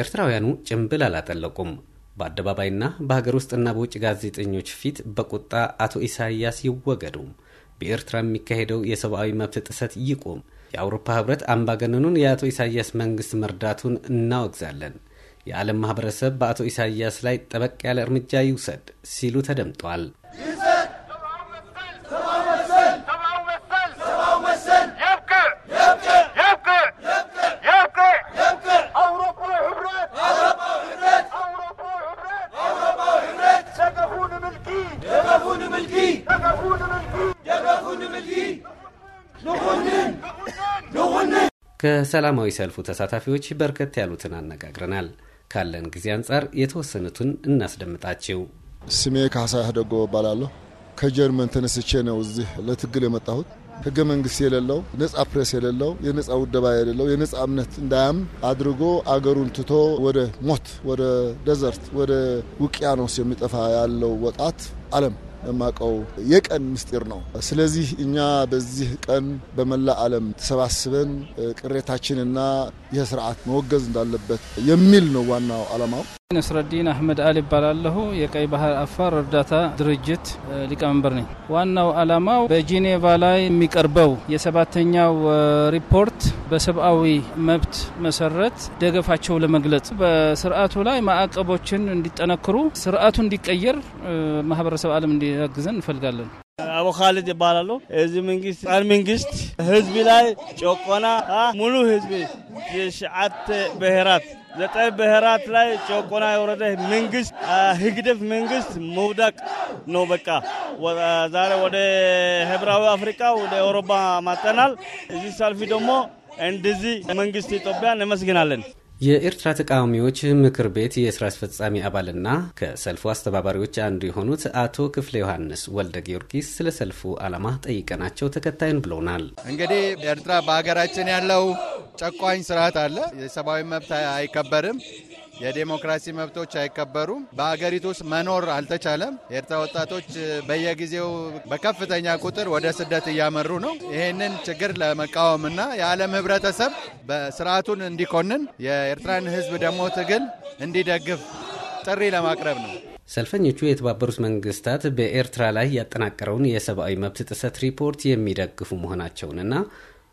ኤርትራውያኑ ጭምብል አላጠለቁም። በአደባባይና በሀገር ውስጥና በውጭ ጋዜጠኞች ፊት በቁጣ አቶ ኢሳይያስ ይወገዱ፣ በኤርትራ የሚካሄደው የሰብአዊ መብት ጥሰት ይቁም፣ የአውሮፓ ህብረት አምባገነኑን የአቶ ኢሳይያስ መንግስት መርዳቱን እናወግዛለን የዓለም ማህበረሰብ በአቶ ኢሳያስ ላይ ጠበቅ ያለ እርምጃ ይውሰድ ሲሉ ተደምጧል። ከሰላማዊ ሰልፉ ተሳታፊዎች በርከት ያሉትን አነጋግረናል። ካለን ጊዜ አንጻር የተወሰኑትን እናስደምጣችው። ስሜ ካሳ ደጎ እባላለሁ። ከጀርመን ተነስቼ ነው እዚህ ለትግል የመጣሁት። ህገ መንግስት የሌለው ነፃ ፕሬስ የሌለው የነፃ ውደባ የሌለው የነፃ እምነት እንዳያምን አድርጎ አገሩን ትቶ ወደ ሞት፣ ወደ ደዘርት፣ ወደ ውቅያኖስ የሚጠፋ ያለው ወጣት አለም የማውቀው የቀን ምስጢር ነው። ስለዚህ እኛ በዚህ ቀን በመላ ዓለም ተሰባስበን ቅሬታችንና ይህ ስርዓት መወገዝ እንዳለበት የሚል ነው ዋናው ዓላማው። ነስረዲን አህመድ አል ይባላለሁ። የቀይ ባህር አፋር እርዳታ ድርጅት ሊቀመንበር ነኝ። ዋናው አላማው በጂኔቫ ላይ የሚቀርበው የሰባተኛው ሪፖርት በሰብአዊ መብት መሰረት ደገፋቸው ለመግለጽ በስርዓቱ ላይ ማዕቀቦችን እንዲጠነክሩ፣ ስርዓቱ እንዲቀየር ማህበረሰብ አለም እንዲያግዘን እንፈልጋለን። አቡ ካሊድ ይባላሉ። እዚህ መንግስት ጻን መንግስት ህዝብ ላይ ጮቆና ሙሉ ህዝብ ሽዓት ብሔራት ዘጠኝ ብሔራት ላይ ጮቆና የወረደ መንግስት ህግደፍ መንግስት መውደቅ ነው። በቃ ዛሬ ወደ ህብራዊ አፍሪካ ወደ አውሮፓ ማጠናል። እዚህ ሰልፊ ደግሞ እንደዚህ መንግስት ኢትዮጵያ እንመስግናለን። የኤርትራ ተቃዋሚዎች ምክር ቤት የስራ አስፈጻሚ አባልና ከሰልፉ አስተባባሪዎች አንዱ የሆኑት አቶ ክፍለ ዮሐንስ ወልደ ጊዮርጊስ ስለ ሰልፉ ዓላማ ጠይቀናቸው ተከታዩን ብለውናል። እንግዲህ ኤርትራ በሀገራችን ያለው ጨቋኝ ስርዓት አለ። የሰብአዊ መብት አይከበርም። የዴሞክራሲ መብቶች አይከበሩም። በሀገሪቱ ውስጥ መኖር አልተቻለም። የኤርትራ ወጣቶች በየጊዜው በከፍተኛ ቁጥር ወደ ስደት እያመሩ ነው። ይህንን ችግር ለመቃወምና የዓለም ህብረተሰብ በስርዓቱን እንዲኮንን የኤርትራን ህዝብ ደግሞ ትግል እንዲደግፍ ጥሪ ለማቅረብ ነው። ሰልፈኞቹ የተባበሩት መንግስታት በኤርትራ ላይ ያጠናቀረውን የሰብአዊ መብት ጥሰት ሪፖርት የሚደግፉ መሆናቸውንና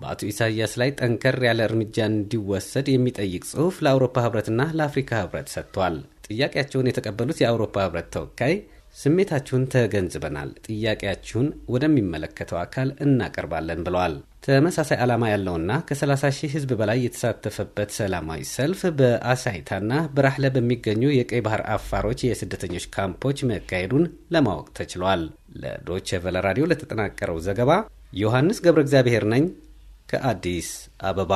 በአቶ ኢሳያስ ላይ ጠንከር ያለ እርምጃ እንዲወሰድ የሚጠይቅ ጽሑፍ ለአውሮፓ ህብረትና ለአፍሪካ ህብረት ሰጥቷል። ጥያቄያቸውን የተቀበሉት የአውሮፓ ህብረት ተወካይ ስሜታችሁን ተገንዝበናል፣ ጥያቄያችሁን ወደሚመለከተው አካል እናቀርባለን ብለዋል። ተመሳሳይ ዓላማ ያለውና ከ30 ሺህ ህዝብ በላይ የተሳተፈበት ሰላማዊ ሰልፍ በአሳይታና ብራህለ በሚገኙ የቀይ ባህር አፋሮች የስደተኞች ካምፖች መካሄዱን ለማወቅ ተችሏል። ለዶቼ ቨለ ራዲዮ ለተጠናቀረው ዘገባ ዮሐንስ ገብረ እግዚአብሔር ነኝ ከአዲስ አበባ